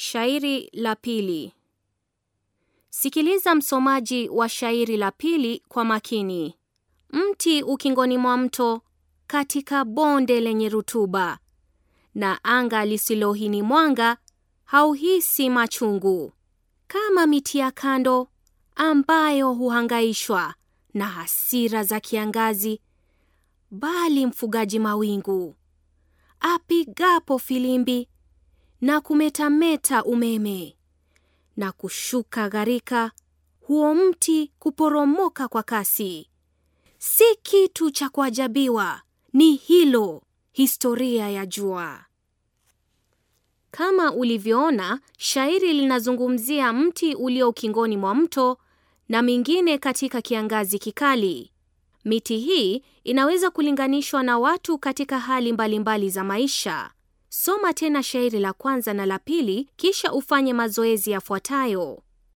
Shairi la pili. Sikiliza msomaji wa shairi la pili kwa makini. Mti ukingoni mwa mto, katika bonde lenye rutuba na anga lisilohini mwanga, hauhisi machungu, kama miti ya kando ambayo huhangaishwa na hasira za kiangazi, bali mfugaji mawingu apigapo filimbi na kumetameta umeme na kushuka gharika, huo mti kuporomoka kwa kasi. Si kitu cha kuajabiwa, ni hilo, historia ya jua. Kama ulivyoona, shairi linazungumzia mti ulio ukingoni mwa mto na mingine katika kiangazi kikali. Miti hii inaweza kulinganishwa na watu katika hali mbalimbali za maisha. Soma tena shairi la kwanza na la pili kisha ufanye mazoezi yafuatayo.